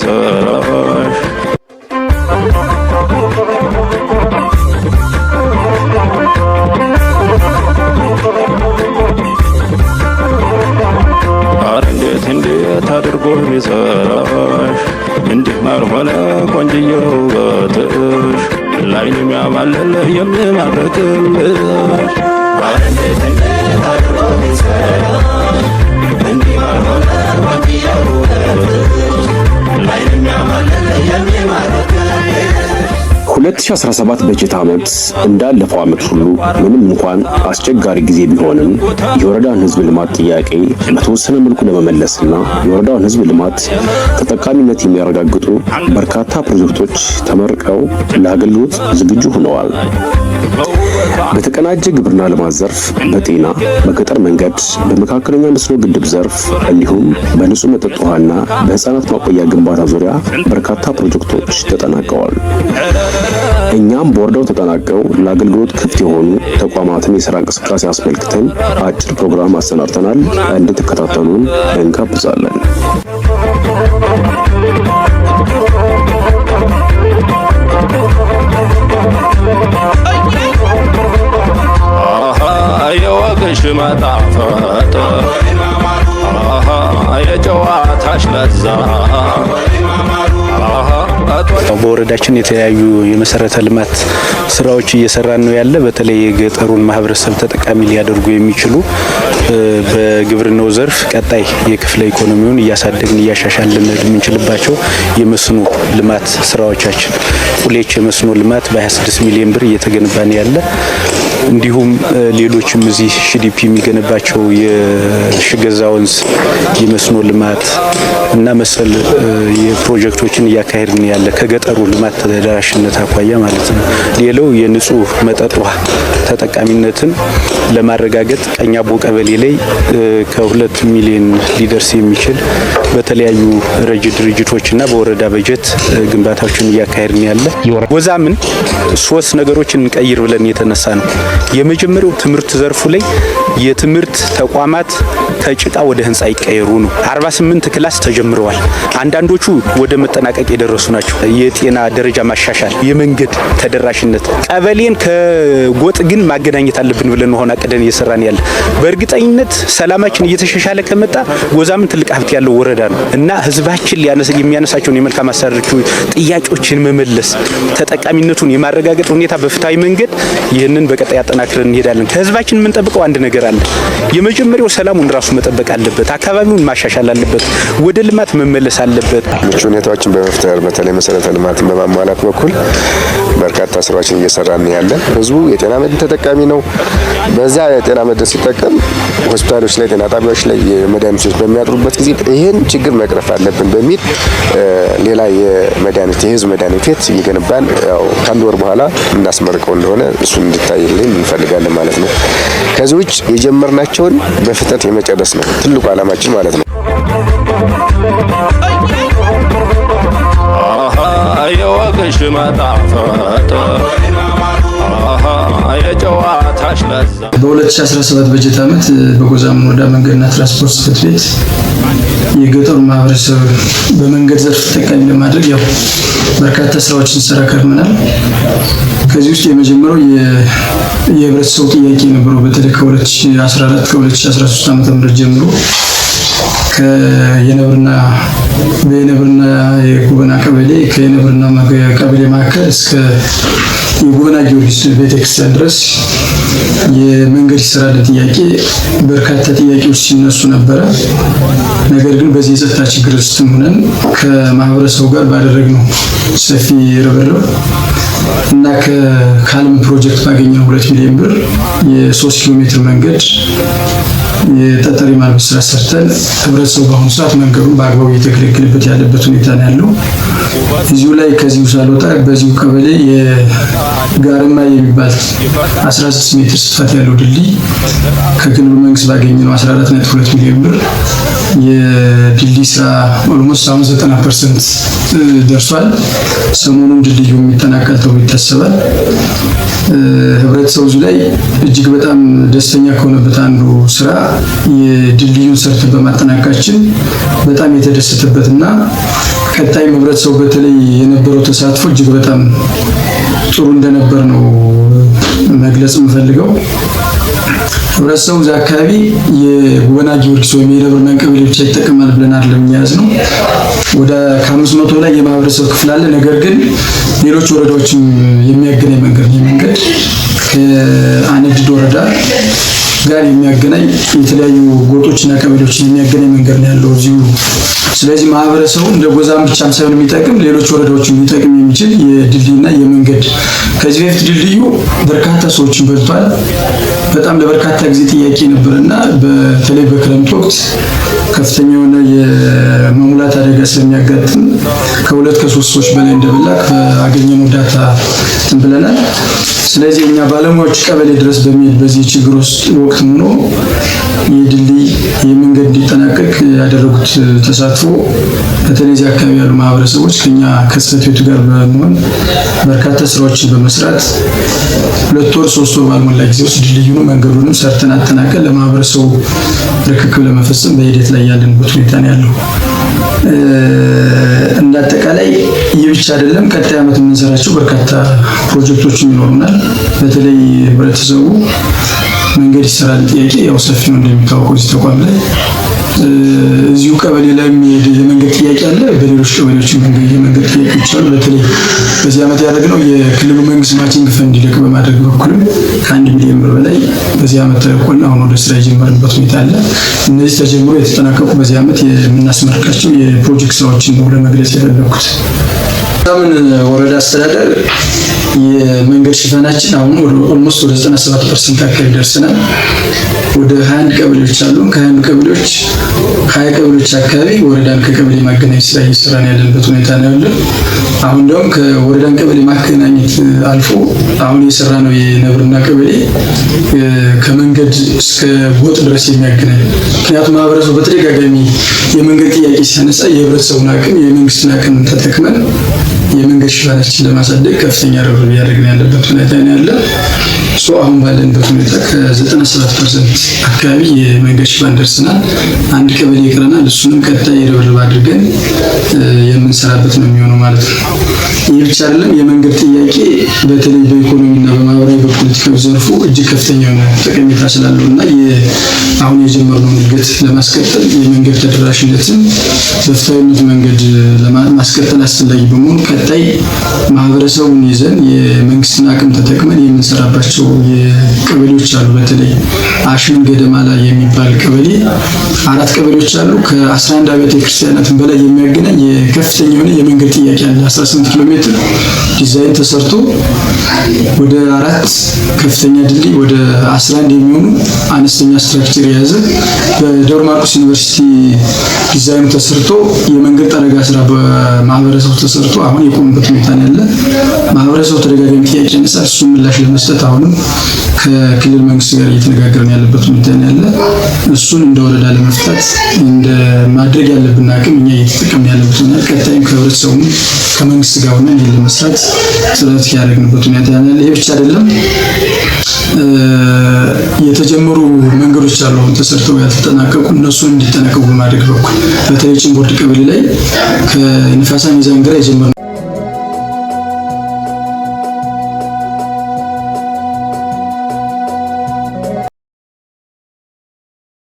ስትጽፍ እንዴት እንዴት አድርጎ ቢሰራሽ እንዲህ ማልሆነ ቆንጅዬ ውበትሽ ላይን የሚያማልል የሚማርክልሽ እንዲህ ማልሆነ 2017 በጀት ዓመት እንዳለፈው ዓመት ሁሉ ምንም እንኳን አስቸጋሪ ጊዜ ቢሆንም የወረዳን ህዝብ ልማት ጥያቄ በተወሰነ መልኩ ለመመለስና የወረዳውን ህዝብ ልማት ተጠቃሚነት የሚያረጋግጡ በርካታ ፕሮጀክቶች ተመርቀው ለአገልግሎት ዝግጁ ሆነዋል። በተቀናጀ ግብርና ልማት ዘርፍ፣ በጤና፣ በገጠር መንገድ፣ በመካከለኛ መስኖ ግድብ ዘርፍ እንዲሁም በንጹህ መጠጥ ውሃና በህፃናት ማቆያ ግንባታ ዙሪያ በርካታ ፕሮጀክቶች ተጠናቀዋል። እኛም ቦርደው ተጠናቀው ለአገልግሎት ክፍት የሆኑ ተቋማትን የስራ እንቅስቃሴ አስመልክተን አጭር ፕሮግራም አሰናድተናል። እንድትከታተሉን እንጋብዛለን። ሽማጣፋ ወረዳችን የተለያዩ የመሰረተ ልማት ስራዎች እየሰራን ነው ያለ። በተለይ የገጠሩን ማህበረሰብ ተጠቃሚ ሊያደርጉ የሚችሉ በግብርናው ዘርፍ ቀጣይ የክፍለ ኢኮኖሚውን እያሳደግን እያሻሻልን የምንችልባቸው የመስኖ ልማት ስራዎቻችን ቁሌች የመስኖ ልማት በ26 ሚሊዮን ብር እየተገነባ ያለ። እንዲሁም ሌሎችም እዚህ ሽዲፒ የሚገነባቸው የሽገዛ ወንዝ የመስኖ ልማት እና መሰል የፕሮጀክቶችን እያካሄድን ያለ ከገጠሩ ልማት ተደራሽነት አኳያ ማለት ነው። ሌላው የንጹህ መጠጥ ውሃ ተጠቃሚነትን ለማረጋገጥ ቀኛቦ ቀበሌ ላይ ከሁለት ሚሊዮን ሊደርስ የሚችል በተለያዩ ረጅ ድርጅቶችና በወረዳ በጀት ግንባታዎችን እያካሄድን ያለ ወዛምን ሶስት ነገሮችን እንቀይር ብለን የተነሳ ነው። የመጀመሪያው ትምህርት ዘርፉ ላይ የትምህርት ተቋማት ተጭቃ ወደ ህንፃ ይቀየሩ ነው። 48 ክላስ ተጀምረዋል። አንዳንዶቹ ወደ መጠናቀቅ የደረሱ ናቸው። የጤና ደረጃ ማሻሻል፣ የመንገድ ተደራሽነት፣ ቀበሌን ከጎጥ ግን ማገናኘት አለብን ብለን ሆነ ቅደን እየሰራን ያለ በእርግጠኝነት ሰላማችን እየተሻሻለ ከመጣ ጎዛምን ትልቅ ሀብት ያለው ወረዳ ነው እና ህዝባችን የሚያነሳቸውን የመልካም አስተዳደር ጥያቄዎችን መመለስ ተጠቃሚነቱን የማረጋገጥ ሁኔታ በፍትሐዊ መንገድ ይህንን በቀጣይ አጠናክረን እንሄዳለን። ከህዝባችን የምንጠብቀው አንድ ነገር አለ። የመጀመሪያው ሰላሙን ራሱ መጠበቅ አለበት፣ አካባቢውን ማሻሻል አለበት፣ ወደ ልማት መመለስ አለበት። ምቹ ሁኔታዎችን በመፍጠር በተለይ መሰረተ ልማትን በማሟላት በኩል በርካታ ስራዎችን እየሰራን ያለን ህዝቡ የጤና መድን ተጠቃሚ ነው። በዛ የጤና መድረስ ሲጠቀም ሆስፒታሎች ላይ ጤና ጣቢያዎች ላይ የመድኃኒቶች በሚያጥሩበት ጊዜ ይህን ችግር መቅረፍ አለብን በሚል ሌላ የመድኃኒት የህዝብ መድኃኒት ቤት እየገነባን ያው ከአንድ ወር በኋላ እናስመርቀው እንደሆነ እሱን እንድታይልን እንፈልጋለን ማለት ነው። ከዚህ ውጭ የጀመርናቸውን በፍጥነት የመጨረስ ነው ትልቁ ዓላማችን ማለት ነው። የወግሽ መጣፈጥ የጨዋ በ2017 በጀት ዓመት በጎዛምን ወረዳ መንገድና ትራንስፖርት ጽሕፈት ቤት የገጠሩ ማህበረሰብ በመንገድ ዘርፍ ተጠቃሚ ለማድረግ ያው በርካታ ስራዎችን እንሰራ ከርመናል። ከዚህ ውስጥ የመጀመሪያው የህብረተሰቡ ጥያቄ የነበረው በተለይ ከ2014 ከ2013 ዓ.ም ጀምሮ የነብርና በየነብርና የጉበና ቀበሌ ከየነብርና ቀበሌ መካከል እስከ የጉበና ጊዮርጊስ ቤተክርስቲያን ድረስ የመንገድ ይሰራል ጥያቄ በርካታ ጥያቄዎች ሲነሱ ነበረ። ነገር ግን በዚህ የጸጥታ ችግር ውስጥም ሆነን ከማህበረሰቡ ጋር ባደረግነው ሰፊ ርብርብ እና ከካልም ፕሮጀክት ባገኘው ሁለት ሚሊዮን ብር የሶስት ኪሎ ሜትር መንገድ የጠጠር ማልበስ ስራ ሰርተን ህብረተሰቡ በአሁኑ ሰዓት መንገዱን በአግባቡ እየተገለገለበት ያለበት ሁኔታ ነው ያለው። እዚሁ ላይ ከዚሁ ሳልወጣ በዚሁ ቀበሌ የጋርማ የሚባል 16 ሜትር ስፋት ያለው ድልድይ ከክልሉ መንግስት ባገኘነው 14.2 ሚሊዮን ብር የድልድይ ስራ ኦልሞስት አሁን 90 ፐርሰንት ደርሷል። ሰሞኑን ድልድዩ የሚጠናቀልተው ይታሰባል። ህብረተሰቡ ላይ እጅግ በጣም ደስተኛ ከሆነበት አንዱ ስራ የድልድዩን ሰርት በማጠናቀቃችን በጣም የተደሰተበት እና ቀጣይም ህብረተሰቡ በተለይ የነበረው ተሳትፎ እጅግ በጣም ጥሩ እንደነበር ነው መግለጽ የምፈልገው። ህብረተሰቡ እዚያ አካባቢ የጉበና ጊዮርጊስ ወይም የደብረ መንቀቤ ብቻ ይጠቀማል ብለን አይደለም የሚያዝ ነው። ወደ ከአምስት መቶ ላይ የማህበረሰብ ክፍል አለ። ነገር ግን ሌሎች ወረዳዎችን የሚያገናኝ መንገድ ነው። መንገድ ከአነድድ ወረዳ ጋር የሚያገናኝ የተለያዩ ጎጦችና ቀበሌዎችን የሚያገናኝ መንገድ ነው ያለው እዚሁ ስለዚህ ማህበረሰቡ እንደ ጎዛም ብቻም ሳይሆን የሚጠቅም ሌሎች ወረዳዎችን ሊጠቅም የሚችል የድልድይና የመንገድ ከዚህ በፊት ድልድዩ በርካታ ሰዎችን በልቷል። በጣም ለበርካታ ጊዜ ጥያቄ ነበር እና በተለይ በክረምት ወቅት ከፍተኛ የሆነ ነገር ስለሚያጋጥም ከሁለት ከሶስት ሰዎች በላይ እንደበላ አገኘነው ዳታ ብለናል። ስለዚህ እኛ ባለሙያዎች ቀበሌ ድረስ በሚሄድ በዚህ ችግር ውስጥ ወቅት ሆኖ የድልድይ የመንገድ እንዲጠናቀቅ ያደረጉት ተሳትፎ በተለይ እዚህ አካባቢ ያሉ ማህበረሰቦች ከኛ ከጽህፈት ቤቱ ጋር በመሆን በርካታ ስራዎችን በመስራት ሁለት ወር ሶስት ወር ባልሞላ ጊዜ ውስጥ ድልድዩንም መንገዱንም ሰርተን አጠናቀን ለማህበረሰቡ ርክክብ ለመፈጸም በሂደት ላይ ያለንበት ሁኔታ ነው ያለው። እንዳጠቃላይ ይህ ብቻ አይደለም። ቀጣይ ዓመት የምንሰራቸው በርካታ ፕሮጀክቶች ይኖሩናል። በተለይ ህብረተሰቡ መንገድ ይሰራል ጥያቄ ያው ሰፊ ነው እንደሚታወቀው እዚህ ተቋም ላይ እዚሁ ቀበሌ ላይ የሚሄድ የመንገድ ጥያቄ አለ። በሌሎች ቀበሌዎች የመንገድ ጥያቄዎች አሉ። በተለይ በዚህ ዓመት ያደረግነው የክልሉ መንግስት ማቺንግ ፈንድ ይለቅ በማድረግ በኩልም ከአንድ ሚሊዮን ብር በላይ በዚህ ዓመት ተለቆልን አሁን ወደ ስራ የጀመርንበት ሁኔታ አለ። እነዚህ ተጀምሮ የተጠናቀቁ በዚህ ዓመት የምናስመርቃቸው የፕሮጀክት ስራዎችን ነው ለመግለጽ የፈለኩት። ምን ወረዳ አስተዳደር የመንገድ ሽፋናችን አሁን ኦልሞስት ወደ 97 ፐርሰንት አካባቢ ደርሰናል። ወደ ሀያ አንድ ቀበሌዎች አሉን። ከሀያ አንድ ቀበሌዎች ሀያ ቀበሌዎች አካባቢ ወረዳን ከቀበሌ ማገናኘት ስራ እየሰራን ያለንበት ሁኔታ ነው ያለን። አሁን ደግሞ ከወረዳን ቀበሌ ማገናኘት አልፎ አሁን እየሰራ ነው የነብርና ቀበሌ ከመንገድ እስከ ቦጥ ድረስ የሚያገናኝ ምክንያቱም ማህበረሰቡ በተደጋጋሚ የመንገድ ጥያቄ ሲያነሳ የህብረተሰቡን አቅም የመንግስትን አቅም ተጠቅመን የመንገድ ሽፋናችን ለማሳደግ ከፍተኛ ርብርብ እያደረግን ያለበት ሁኔታ ነው ያለ አሁን ባለንበት ሁኔታ ከዘጠና ሰባት ፐርሰንት አካባቢ የመንገድ ሽፋን ደርስናል። አንድ ቀበሌ ይቀረናል። እሱንም ቀጣይ ርብርብ አድርገን የምንሰራበት ነው የሚሆነው ማለት ነው። ይህ ብቻ አይደለም። የመንገድ ጥያቄ በተለይ በኢኮኖሚና በማህበራዊ በፖለቲካዊ ዘርፉ እጅግ ከፍተኛ የሆነ ጠቀሜታ ስላለው እና አሁን የጀመርነውን እድገት ለማስቀጠል የመንገድ ተደራሽነትን በፍትሐዊነት መንገድ ማስቀጠል አስፈላጊ በመሆኑ ቀጣይ ማህበረሰቡን ይዘን የመንግስትን አቅም ተጠቅመን የምንሰራባቸው ቀበሌዎች አሉ በተለይ አሽን ገደማ ላይ የሚባል ቀበሌ አራት ቀበሌዎች አሉ። ከ11 አብያተ ክርስቲያናትን በላይ የሚያገናኝ የከፍተኛ የሆነ የመንገድ ጥያቄ አለ። 18 ኪሎ ሜትር ዲዛይን ተሰርቶ ወደ አራት ከፍተኛ ድልድይ ወደ 11 የሚሆኑ አነስተኛ ስትራክቸር የያዘ በደብረ ማርቆስ ዩኒቨርሲቲ ዲዛይኑ ተሰርቶ የመንገድ ጠረጋ ስራ በማህበረሰቡ ተሰርቶ አሁን የቆመበት ሁኔታ ነው ያለ። ማህበረሰቡ ተደጋጋሚ ጥያቄ ያነሳል። እሱ ምላሽ ለመስጠት አሁንም ከክልል መንግስት ጋር እየተነጋገርን ያለበት ነው ያለ እሱን እንደ ወረዳ ለመፍታት እንደ ማድረግ ያለብን አቅም እኛ እየተጠቀምን ያለበት ሁኔታ ቀጣይም ከህብረተሰቡም ከመንግስት ጋር ሆነን ይህን ለመስራት ጥረት ያደረግንበት ሁኔታ ያለ። ይሄ ብቻ አይደለም፣ የተጀመሩ መንገዶች አሉ ተሰርተው ያልተጠናቀቁ እነሱን እንዲጠናቀቁ በማድረግ በኩል በተለይ ጭንቦርድ ቀበሌ ላይ ከንፋሳ ሚዛን ግራ የጀመርነው